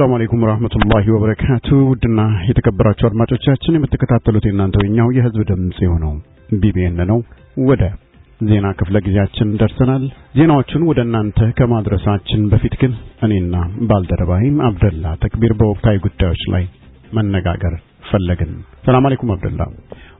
ሰላም አለይኩም ወራህመቱላሂ ወበረካቱ። ውድና የተከበራችሁ አድማጮቻችን የምትከታተሉት የእናንተው የኛው የህዝብ ድምጽ የሆነው ቢቢኤን ነው። ወደ ዜና ክፍለ ጊዜያችን ደርሰናል። ዜናዎቹን ወደ እናንተ ከማድረሳችን በፊት ግን እኔና ባልደረባይም አብደላ ተክቢር በወቅታዊ ጉዳዮች ላይ መነጋገር ፈለግን። ሰላም አለይኩም አብደላ።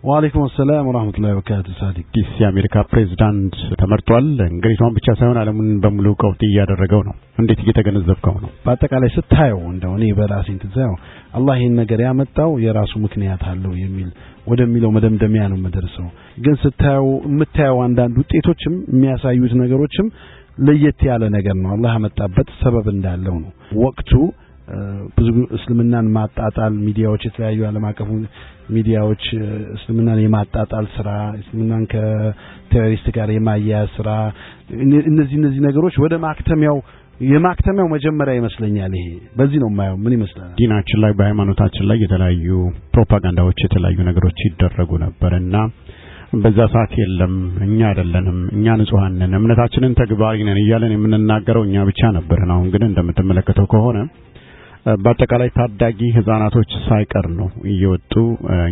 ወአለይኩም ሰላም ወራህመቱላሂ ወበረካቱ። ሳዲቅ የአሜሪካ ፕሬዝዳንት ተመርጧል። እንግሊዟን ብቻ ሳይሆን ዓለሙን በሙሉ ቀውጥ እያደረገው ነው። እንዴት እየተገነዘብከው ነው? በአጠቃላይ ስታየው እንደው እኔ በራሴ እንትዛው አላህ ይህን ነገር ያመጣው የራሱ ምክንያት አለው የሚል ወደሚለው መደምደሚያ ነው መደርሰው ግን ስታየው የምታየው አንዳንድ ውጤቶችም የሚያሳዩት ነገሮችም ለየት ያለ ነገር ነው። አላህ ያመጣበት ሰበብ እንዳለው ነው ወቅቱ ብዙ እስልምናን ማጣጣል ሚዲያዎች የተለያዩ ዓለም አቀፉ ሚዲያዎች እስልምናን የማጣጣል ስራ፣ እስልምናን ከቴሮሪስት ጋር የማያያዝ ስራ እነዚህ እነዚህ ነገሮች ወደ ማክተሚያው የማክተሚያው መጀመሪያ ይመስለኛል። ይሄ በዚህ ነው የማየው። ምን ይመስላል? ዲናችን ላይ በሃይማኖታችን ላይ የተለያዩ ፕሮፓጋንዳዎች፣ የተለያዩ ነገሮች ይደረጉ ነበር እና በዛ ሰዓት የለም እኛ አይደለንም እኛ ንጹሃን እምነታችንን ተግባሪ ነን እያለን የምንናገረው እኛ ብቻ ነበርን። አሁን ግን እንደምትመለከተው ከሆነ በአጠቃላይ ታዳጊ ህጻናቶች ሳይቀር ነው እየወጡ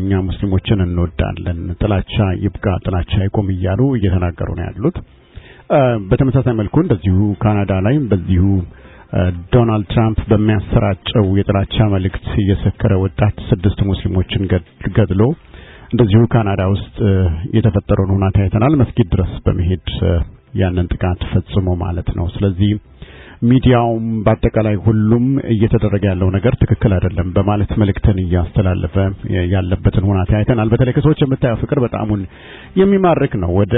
እኛ ሙስሊሞችን እንወዳለን፣ ጥላቻ ይብቃ፣ ጥላቻ ይቆም እያሉ እየተናገሩ ነው ያሉት። በተመሳሳይ መልኩ እንደዚሁ ካናዳ ላይ በዚሁ ዶናልድ ትራምፕ በሚያሰራጨው የጥላቻ መልእክት እየሰከረ ወጣት ስድስት ሙስሊሞችን ገድሎ እንደዚሁ ካናዳ ውስጥ የተፈጠረውን ሁኔታ አይተናል። መስጊድ ድረስ በመሄድ ያንን ጥቃት ፈጽሞ ማለት ነው። ስለዚህ ሚዲያውም በአጠቃላይ ሁሉም እየተደረገ ያለው ነገር ትክክል አይደለም በማለት መልእክትን እያስተላለፈ ያለበትን ሁናቴ አይተናል። በተለይ ከሰዎች የምታየው ፍቅር በጣሙን የሚማርክ ነው። ወደ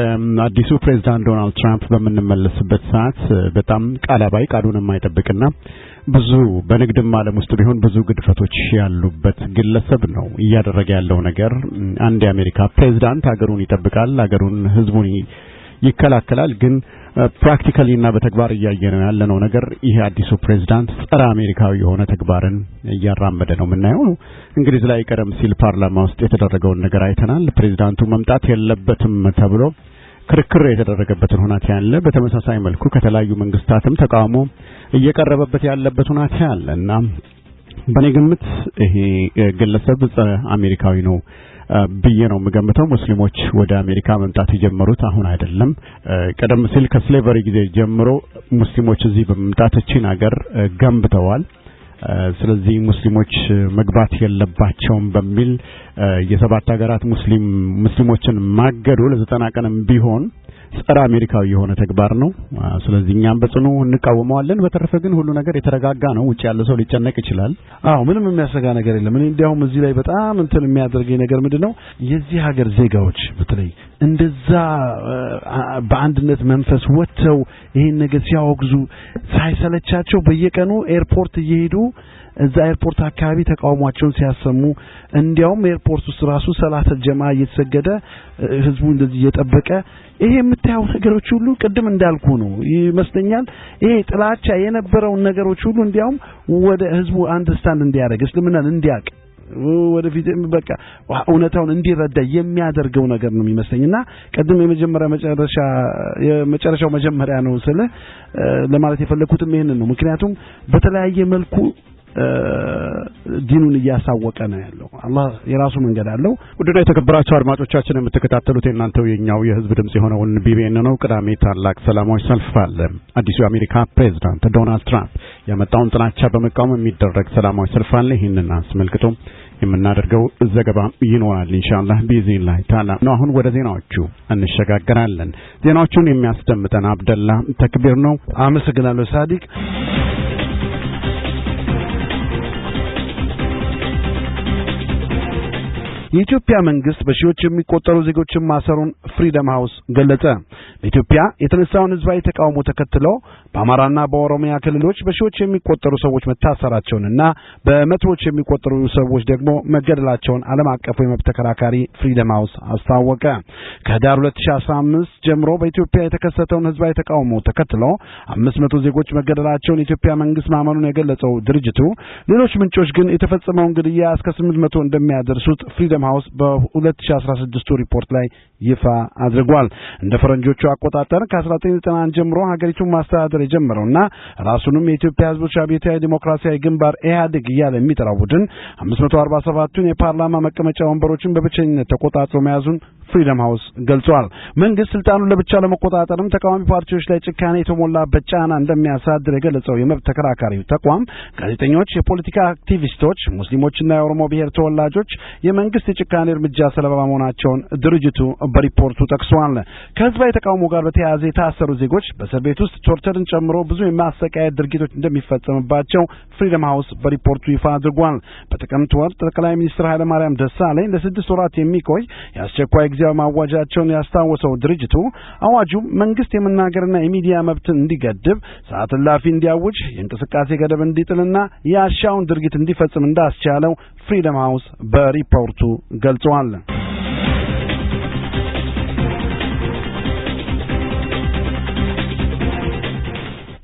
አዲሱ ፕሬዚዳንት ዶናልድ ትራምፕ በምንመለስበት ሰዓት በጣም ቃላባይ ቃሉን የማይጠብቅና ብዙ በንግድም አለም ውስጥ ቢሆን ብዙ ግድፈቶች ያሉበት ግለሰብ ነው። እያደረገ ያለው ነገር አንድ የአሜሪካ ፕሬዚዳንት ሀገሩን ይጠብቃል፣ ሀገሩን ህዝቡን ይከላከላል። ግን ፕራክቲካሊ እና በተግባር ያለ ነው ያለነው ነገር ይሄ አዲሱ ፕሬዝዳንት ጸረ አሜሪካዊ የሆነ ተግባርን እያራመደ ነው የምናየው። እንግሊዝ ላይ ቀደም ሲል ፓርላማ ውስጥ የተደረገውን ነገር አይተናል። ፕሬዝዳንቱ መምጣት የለበትም ተብሎ ክርክር የተደረገበትን ሁናቴ ያለ በተመሳሳይ መልኩ ከተለያዩ መንግስታትም ተቃውሞ እየቀረበበት ያለበት ሁናቴ አለ እና በእኔ ግምት ይሄ ግለሰብ ጸረ አሜሪካዊ ነው ብዬ ነው የምገምተው። ሙስሊሞች ወደ አሜሪካ መምጣት የጀመሩት አሁን አይደለም። ቀደም ሲል ከስሌቨሪ ጊዜ ጀምሮ ሙስሊሞች እዚህ በመምጣት እቺን ሀገር ገንብተዋል። ስለዚህ ሙስሊሞች መግባት የለባቸውም በሚል የሰባት ሀገራት ሙስሊም ሙስሊሞችን ማገዱ ለዘጠና ቀንም ቢሆን ጸረ አሜሪካዊ የሆነ ተግባር ነው። ስለዚህ እኛም በጽኑ እንቃወመዋለን። በተረፈ ግን ሁሉ ነገር የተረጋጋ ነው። ውጭ ያለ ሰው ሊጨነቅ ይችላል። አዎ ምንም የሚያሰጋ ነገር የለም። እኔ እንዲያውም እዚህ ላይ በጣም እንትን የሚያደርገኝ ነገር ምንድን ነው የዚህ ሀገር ዜጋዎች በተለይ እንደዛ በአንድነት መንፈስ ወጥተው ይሄን ነገር ሲያወግዙ ሳይሰለቻቸው በየቀኑ ኤርፖርት እየሄዱ እዛ ኤርፖርት አካባቢ ተቃውሟቸውን ሲያሰሙ እንዲያውም ኤርፖርት ውስጥ ራሱ ሰላተል ጀማ እየተሰገደ ህዝቡ እንደዚህ እየጠበቀ ይሄ የምታየው ነገሮች ሁሉ ቅድም እንዳልኩ ነው ይመስለኛል። ይሄ ጥላቻ የነበረውን ነገሮች ሁሉ እንዲያውም ወደ ህዝቡ አንደርስታንድ እንዲያደርግ እስልምናን እንዲያውቅ ወደፊትም በቃ እውነታውን እንዲረዳ የሚያደርገው ነገር ነው የሚመስለኝና ቅድም የመጀመሪያ መጨረሻ የመጨረሻው መጀመሪያ ነው ስለ ለማለት የፈለኩትም ይሄንን ነው። ምክንያቱም በተለያየ መልኩ ዲኑን እያሳወቀ ነው ያለው። አላህ የራሱ መንገድ አለው። ውድና የተከበራቸው አድማጮቻችን የምትከታተሉት የእናንተው የኛው የህዝብ ድምጽ የሆነውን ቢቢኤን ነው። ቅዳሜ ታላቅ ሰላማዊ ሰልፍ አለ። አዲሱ የአሜሪካ ፕሬዝዳንት ዶናልድ ትራምፕ ያመጣውን ጥላቻ በመቃወም የሚደረግ ሰላማዊ ሰልፍ አለ። ይህንን አስመልክቶ የምናደርገው ዘገባ ይኖራል ኢንሻአላህ ላይ ታላ ነው። አሁን ወደ ዜናዎቹ እንሸጋገራለን። ዜናዎቹን የሚያስደምጠን አብደላ ተክቢር ነው። አመሰግናለሁ ሳዲቅ የኢትዮጵያ መንግስት በሺዎች የሚቆጠሩ ዜጎችን ማሰሩን ፍሪደም ሃውስ ገለጸ። በኢትዮጵያ የተነሳውን ህዝባዊ ተቃውሞ ተከትሎ በአማራና በኦሮሚያ ክልሎች በሺዎች የሚቆጠሩ ሰዎች መታሰራቸውንና በመቶዎች የሚቆጠሩ ሰዎች ደግሞ መገደላቸውን ዓለም አቀፉ የመብት ተከራካሪ ፍሪደም ሃውስ አስታወቀ። ከህዳር 2015 ጀምሮ በኢትዮጵያ የተከሰተውን ህዝባዊ ተቃውሞ ተከትሎ 500 ዜጎች መገደላቸውን የኢትዮጵያ መንግስት ማመኑን የገለጸው ድርጅቱ ሌሎች ምንጮች ግን የተፈጸመውን ግድያ እስከ 800 እንደሚያደርሱት ፍሪደም ፍሪደም ሃውስ በ2016 ሪፖርት ላይ ይፋ አድርጓል። እንደ ፈረንጆቹ አቆጣጠር ከ1991 ጀምሮ ሀገሪቱን ማስተዳደር የጀመረውና ራሱንም የኢትዮጵያ ህዝቦች አብዮታዊ ዲሞክራሲያዊ ግንባር ኢህአዴግ እያለ የሚጠራው ቡድን 547ቱን የፓርላማ መቀመጫ ወንበሮችን በብቸኝነት ተቆጣጥሮ መያዙን ፍሪደም ሃውስ ገልጿል። መንግስት ስልጣኑን ለብቻ ለመቆጣጠርም ተቃዋሚ ፓርቲዎች ላይ ጭካኔ የተሞላበት ጫና እንደሚያሳድር የገለጸው የመብት ተከራካሪው ተቋም ጋዜጠኞች፣ የፖለቲካ አክቲቪስቶች፣ ሙስሊሞችና የኦሮሞ ብሔር ተወላጆች የመንግስት የጭካኔ እርምጃ ሰለባ መሆናቸውን ድርጅቱ በሪፖርቱ ጠቅሷል። ከህዝባዊ ተቃውሞ ጋር በተያያዘ የታሰሩ ዜጎች በእስር ቤት ውስጥ ቶርቸርን ጨምሮ ብዙ የማሰቃየት ድርጊቶች እንደሚፈጸምባቸው ፍሪደም ሃውስ በሪፖርቱ ይፋ አድርጓል። በጥቅምት ወር ጠቅላይ ሚኒስትር ኃይለማርያም ደሳለኝ ለስድስት ወራት የሚቆይ የአስቸኳይ ጊዜያዊ ማዋጃቸውን ያስታወሰው ድርጅቱ አዋጁ መንግስት የመናገርና የሚዲያ መብትን እንዲገድብ፣ ሰዓት እላፊ እንዲያውጅ፣ የእንቅስቃሴ ገደብ እንዲጥልና የአሻውን ድርጊት እንዲፈጽም እንዳስቻለው ፍሪደም ሃውስ በሪፖርቱ ገልጸዋል።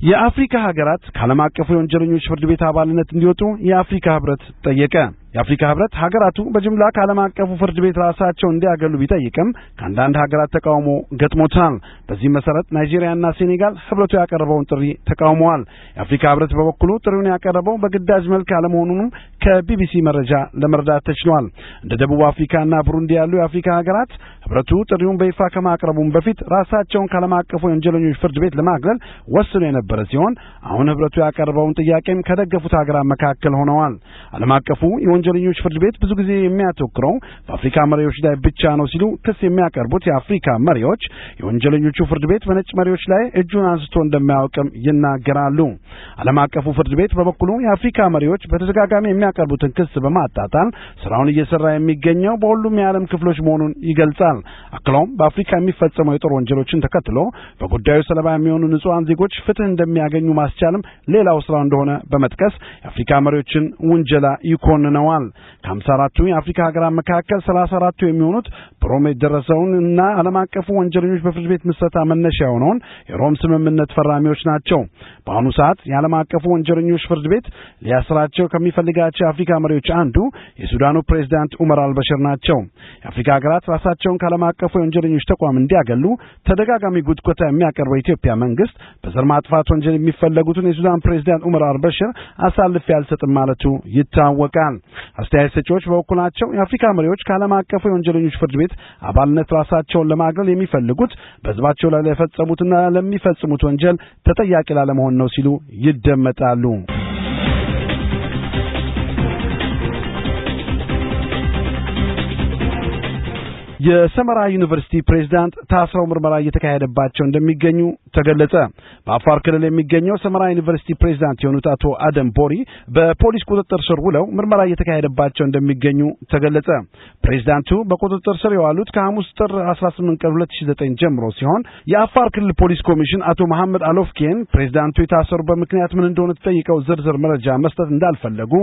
የአፍሪካ ሀገራት ከዓለም አቀፉ የወንጀለኞች ፍርድ ቤት አባልነት እንዲወጡ የአፍሪካ ህብረት ጠየቀ። የአፍሪካ ህብረት ሀገራቱ በጅምላ ከዓለም አቀፉ ፍርድ ቤት ራሳቸው እንዲያገሉ ቢጠይቅም ከአንዳንድ ሀገራት ተቃውሞ ገጥሞታል። በዚህ መሰረት ናይጄሪያና ሴኔጋል ህብረቱ ያቀረበውን ጥሪ ተቃውመዋል። የአፍሪካ ህብረት በበኩሉ ጥሪውን ያቀረበው በግዳጅ መልክ አለመሆኑንም ከቢቢሲ መረጃ ለመረዳት ተችሏል። እንደ ደቡብ አፍሪካና ቡሩንዲ ያሉ የአፍሪካ ሀገራት ህብረቱ ጥሪውን በይፋ ከማቅረቡም በፊት ራሳቸውን ከዓለም አቀፉ የወንጀለኞች ፍርድ ቤት ለማግለል ወስኖ የነበረ ሲሆን አሁን ህብረቱ ያቀረበውን ጥያቄም ከደገፉት ሀገራት መካከል ሆነዋል። ዓለም አቀፉ ወንጀለኞች ፍርድ ቤት ብዙ ጊዜ የሚያተኩረው በአፍሪካ መሪዎች ላይ ብቻ ነው ሲሉ ክስ የሚያቀርቡት የአፍሪካ መሪዎች የወንጀለኞቹ ፍርድ ቤት በነጭ መሪዎች ላይ እጁን አንስቶ እንደማያውቅም ይናገራሉ። ዓለም አቀፉ ፍርድ ቤት በበኩሉ የአፍሪካ መሪዎች በተደጋጋሚ የሚያቀርቡትን ክስ በማጣጣል ስራውን እየሰራ የሚገኘው በሁሉም የዓለም ክፍሎች መሆኑን ይገልጻል። አክለውም በአፍሪካ የሚፈጸሙ የጦር ወንጀሎችን ተከትሎ በጉዳዩ ሰለባ የሚሆኑ ንጹሐን ዜጎች ፍትህ እንደሚያገኙ ማስቻልም ሌላው ስራ እንደሆነ በመጥቀስ የአፍሪካ መሪዎችን ውንጀላ ይኮንነዋል። ተጠቅመዋል። ከሀምሳ አራቱ የአፍሪካ ሀገራት መካከል ሰላሳ አራቱ የሚሆኑት በሮም የደረሰውን እና ዓለም አቀፉ ወንጀለኞች በፍርድ ቤት ምሰታ መነሻ የሆነውን የሮም ስምምነት ፈራሚዎች ናቸው። በአሁኑ ሰዓት የዓለም አቀፉ ወንጀለኞች ፍርድ ቤት ሊያስራቸው ከሚፈልጋቸው የአፍሪካ መሪዎች አንዱ የሱዳኑ ፕሬዚዳንት ኡመር አልበሽር ናቸው። የአፍሪካ ሀገራት ራሳቸውን ከዓለም አቀፉ የወንጀለኞች ተቋም እንዲያገሉ ተደጋጋሚ ጉትጎታ የሚያቀርበው የኢትዮጵያ መንግስት በዘር ማጥፋት ወንጀል የሚፈለጉትን የሱዳን ፕሬዚዳንት ኡመር አልበሽር አሳልፌ አልሰጥም ማለቱ ይታወቃል። አስተያየት ሰጪዎች በበኩላቸው የአፍሪካ መሪዎች ከዓለም አቀፉ የወንጀለኞች ፍርድ ቤት አባልነት ራሳቸውን ለማግለል የሚፈልጉት በህዝባቸው ላይ ለፈጸሙትና ለሚፈጽሙት ወንጀል ተጠያቂ ላለመሆን ነው ሲሉ ይደመጣሉ። የሰመራ ዩኒቨርሲቲ ፕሬዝዳንት ታስረው ምርመራ እየተካሄደባቸው እንደሚገኙ ተገለጸ። በአፋር ክልል የሚገኘው ሰመራ ዩኒቨርሲቲ ፕሬዝዳንት የሆኑት አቶ አደም ቦሪ በፖሊስ ቁጥጥር ስር ውለው ምርመራ እየተካሄደባቸው እንደሚገኙ ተገለጸ። ፕሬዝዳንቱ በቁጥጥር ስር የዋሉት ከሐሙስ ጥር 18 ቀን 2009 ጀምሮ ሲሆን የአፋር ክልል ፖሊስ ኮሚሽን አቶ መሐመድ አሎፍኬን ፕሬዝዳንቱ የታሰሩ ምክንያት ምን እንደሆነ ተጠይቀው ዝርዝር መረጃ መስጠት እንዳልፈለጉ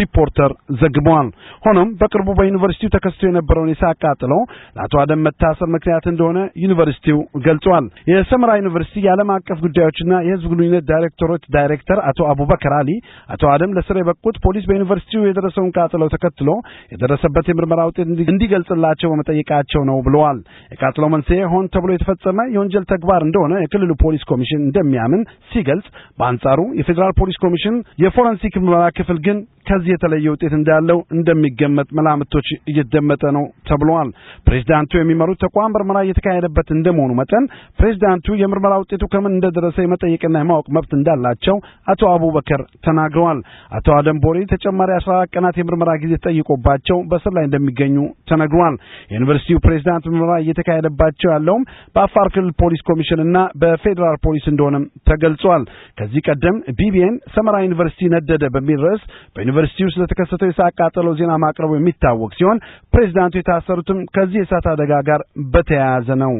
ሪፖርተር ዘግቧል። ሆኖም በቅርቡ በዩኒቨርሲቲው ተከስቶ የነበረውን የሳቅ ቃጥሎ ለአቶ አደም መታሰር ምክንያት እንደሆነ ዩኒቨርሲቲው ገልጿል። የሰመራ ዩኒቨርሲቲ የዓለም አቀፍ ጉዳዮችና የህዝብ ግንኙነት ዳይሬክተሮች ዳይሬክተር አቶ አቡበከር አሊ አቶ አደም ለስር የበቁት ፖሊስ በዩኒቨርሲቲው የደረሰውን ቃጥለው ተከትሎ የደረሰበት የምርመራ ውጤት እንዲገልጽላቸው በመጠየቃቸው ነው ብለዋል። የቃጥለው መንስኤ ሆን ተብሎ የተፈጸመ የወንጀል ተግባር እንደሆነ የክልሉ ፖሊስ ኮሚሽን እንደሚያምን ሲገልጽ፣ በአንጻሩ የፌዴራል ፖሊስ ኮሚሽን የፎረንሲክ ምርመራ ክፍል ግን ከዚህ የተለየ ውጤት እንዳለው እንደሚገመጥ መላምቶች እየደመጠ ነው ተብለዋል። ፕሬዚዳንቱ የሚመሩት ተቋም ምርመራ እየተካሄደበት እንደመሆኑ መጠን ፕሬዚዳንቱ የምርመራ ውጤቱ ከምን እንደደረሰ የመጠየቅና የማወቅ መብት እንዳላቸው አቶ አቡበከር ተናግረዋል። አቶ አደም ቦሬ ተጨማሪ አስራ አራት ቀናት የምርመራ ጊዜ ተጠይቆባቸው በስር ላይ እንደሚገኙ ተነግሯል። የዩኒቨርሲቲው ፕሬዚዳንት ምርመራ እየተካሄደባቸው ያለውም በአፋር ክልል ፖሊስ ኮሚሽን እና በፌዴራል ፖሊስ እንደሆነም ተገልጿል። ከዚህ ቀደም ቢቢኤን ሰመራ ዩኒቨርሲቲ ነደደ በሚል ርዕስ በዩኒቨርሲቲው ስለተከሰተው የሳቃጠለው ዜና ማቅረቡ የሚታወቅ ሲሆን ፕሬዚዳንቱ የታሰሩትም ከዚህ ከዚህ የእሳት አደጋ ጋር በተያያዘ ነው።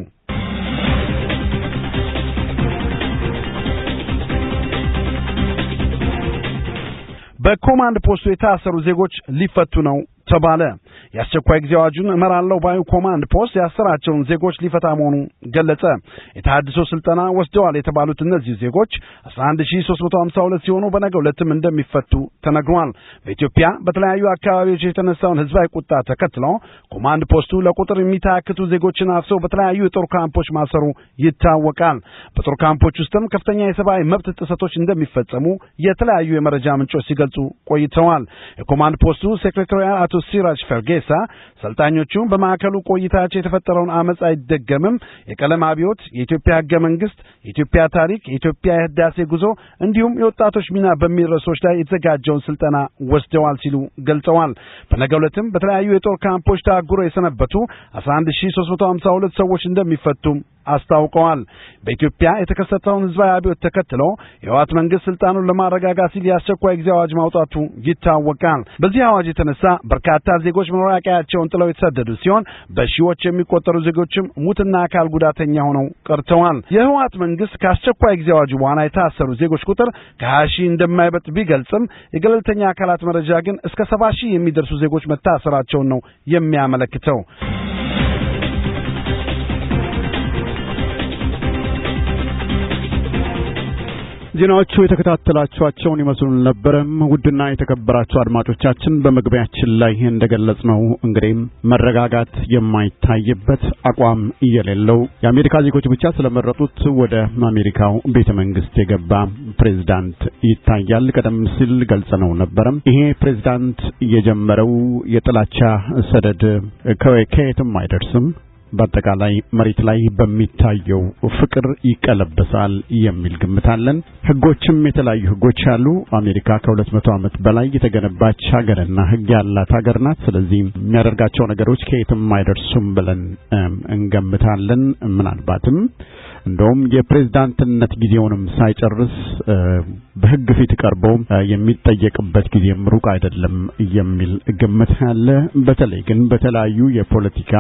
በኮማንድ ፖስቱ የታሰሩ ዜጎች ሊፈቱ ነው ተባለ። የአስቸኳይ ጊዜ አዋጁን እመራለሁ ባዩ ኮማንድ ፖስት ያሰራቸውን ዜጎች ሊፈታ መሆኑ ገለጸ። የተሃድሶ ስልጠና ወስደዋል የተባሉት እነዚህ ዜጎች 11352 ሲሆኑ በነገ ሁለትም እንደሚፈቱ ተነግሯል። በኢትዮጵያ በተለያዩ አካባቢዎች የተነሳውን ህዝባዊ ቁጣ ተከትሎ ኮማንድ ፖስቱ ለቁጥር የሚታክቱ ዜጎችን አፍሶ በተለያዩ የጦር ካምፖች ማሰሩ ይታወቃል። በጦር ካምፖች ውስጥም ከፍተኛ የሰብአዊ መብት ጥሰቶች እንደሚፈጸሙ የተለያዩ የመረጃ ምንጮች ሲገልጹ ቆይተዋል። የኮማንድ ፖስቱ ሴክሬታሪያ አቶ ሲራጅ ፈርጌሳ ሰልጣኞቹ በማዕከሉ ቆይታቸው የተፈጠረውን አመፅ አይደገምም፣ የቀለም አብዮት፣ የኢትዮጵያ ህገ መንግስት፣ የኢትዮጵያ ታሪክ፣ የኢትዮጵያ የህዳሴ ጉዞ እንዲሁም የወጣቶች ሚና በሚል ርዕሶች ላይ የተዘጋጀውን ስልጠና ወስደዋል ሲሉ ገልጸዋል። በነገ ዕለትም በተለያዩ የጦር ካምፖች ታጉረው የሰነበቱ 11352 ሰዎች እንደሚፈቱም አስታውቀዋል። በኢትዮጵያ የተከሰተውን ህዝባዊ አብዮት ተከትሎ የህወሓት መንግስት ስልጣኑን ለማረጋጋት ሲል የአስቸኳይ ጊዜ አዋጅ ማውጣቱ ይታወቃል። በዚህ አዋጅ የተነሳ በርካታ ዜጎች መኖሪያ ቀያቸውን ጥለው የተሰደዱ ሲሆን በሺዎች የሚቆጠሩ ዜጎችም ሙትና አካል ጉዳተኛ ሆነው ቀርተዋል። የህወሓት መንግስት ከአስቸኳይ ጊዜ አዋጁ በኋላ የታሰሩ ዜጎች ቁጥር ከሀያ ሺህ እንደማይበጥ ቢገልጽም የገለልተኛ አካላት መረጃ ግን እስከ ሰባ ሺህ የሚደርሱ ዜጎች መታሰራቸውን ነው የሚያመለክተው። ዜናዎቹ የተከታተላችኋቸውን ይመስሉ ነበረም። ውድና የተከበራችሁ አድማጮቻችን በመግቢያችን ላይ እንደገለጽ ነው እንግዲህም መረጋጋት የማይታይበት አቋም የሌለው የአሜሪካ ዜጎች ብቻ ስለመረጡት ወደ አሜሪካው ቤተ መንግስት የገባ ፕሬዝዳንት ይታያል። ቀደም ሲል ገልጽ ነው ነበረም። ይሄ ፕሬዝዳንት የጀመረው የጥላቻ ሰደድ ከየትም አይደርስም። በአጠቃላይ መሬት ላይ በሚታየው ፍቅር ይቀለበሳል የሚል ግምት አለን። ህጎችም የተለያዩ ህጎች አሉ። አሜሪካ ከሁለት መቶ ዓመት በላይ የተገነባች ሀገርና ህግ ያላት ሀገር ናት። ስለዚህ የሚያደርጋቸው ነገሮች ከየትም አይደርሱም ብለን እንገምታለን። ምናልባትም እንደውም የፕሬዝዳንትነት ጊዜውንም ሳይጨርስ በህግ ፊት ቀርቦ የሚጠየቅበት ጊዜም ሩቅ አይደለም የሚል ግምት አለ። በተለይ ግን በተለያዩ የፖለቲካ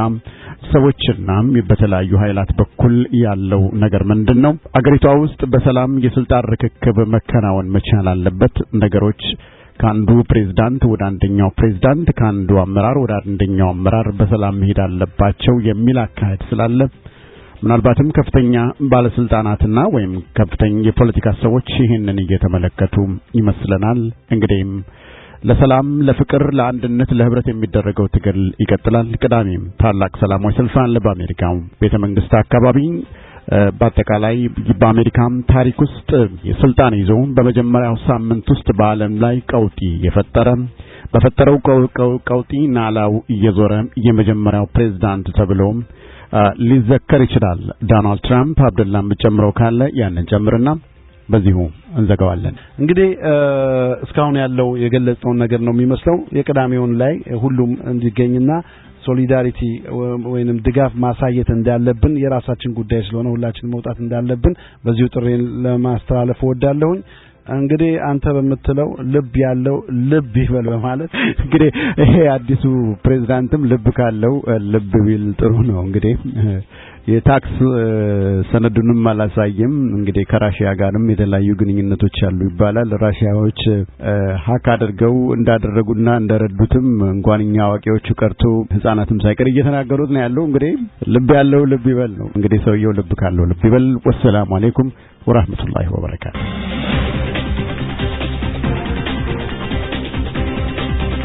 ሰዎችናም በተለያዩ ኃይላት በኩል ያለው ነገር ምንድን ነው? አገሪቷ ውስጥ በሰላም የስልጣን ርክክብ መከናወን መቻል አለበት። ነገሮች ከአንዱ ፕሬዝዳንት ወደ አንደኛው ፕሬዝዳንት፣ ከአንዱ አመራር ወደ አንደኛው አመራር በሰላም መሄድ አለባቸው የሚል አካሄድ ስላለ ምናልባትም ከፍተኛ ባለስልጣናትና ወይም ከፍተኛ የፖለቲካ ሰዎች ይህንን እየተመለከቱ ይመስለናል። እንግዲህም ለሰላም፣ ለፍቅር፣ ለአንድነት፣ ለህብረት የሚደረገው ትግል ይቀጥላል። ቅዳሜም ታላቅ ሰላማዊ ሰልፍ አለ በአሜሪካ ቤተ መንግስት አካባቢ። በአጠቃላይ በአሜሪካም ታሪክ ውስጥ ስልጣን ይዞ በመጀመሪያው ሳምንት ውስጥ በዓለም ላይ ቀውጢ የፈጠረ በፈጠረው ቀውጢ ናላው እየዞረ የመጀመሪያው ፕሬዝዳንት ተብሎ ሊዘከር ይችላል። ዶናልድ ትራምፕ አብደላም ጨምረው ካለ ያንን ጨምርና በዚሁ እንዘጋዋለን። እንግዲህ እስካሁን ያለው የገለጸውን ነገር ነው የሚመስለው። የቅዳሜውን ላይ ሁሉም እንዲገኝና ሶሊዳሪቲ ወይንም ድጋፍ ማሳየት እንዳለብን የራሳችን ጉዳይ ስለሆነ ሁላችን መውጣት እንዳለብን በዚሁ ጥሬን ለማስተላለፍ እወዳለሁኝ። እንግዲህ አንተ በምትለው ልብ ያለው ልብ ይበል በማለት እንግዲህ ይሄ አዲሱ ፕሬዝዳንትም ልብ ካለው ልብ ቢል ጥሩ ነው። እንግዲህ የታክስ ሰነዱንም አላሳየም። እንግዲህ ከራሽያ ጋርም የተለያዩ ግንኙነቶች አሉ ይባላል። ራሽያዎች ሀክ አድርገው እንዳደረጉና እንደረዱትም እንኳን እኛ አዋቂዎቹ ቀርቶ ሕጻናትም ሳይቀር እየተናገሩት ነው ያለው። እንግዲህ ልብ ያለው ልብ ይበል ነው። እንግዲህ ሰውየው ልብ ካለው ልብ ይበል። ወሰላሙ አሌይኩም ወራህመቱላሂ ወበረካቱ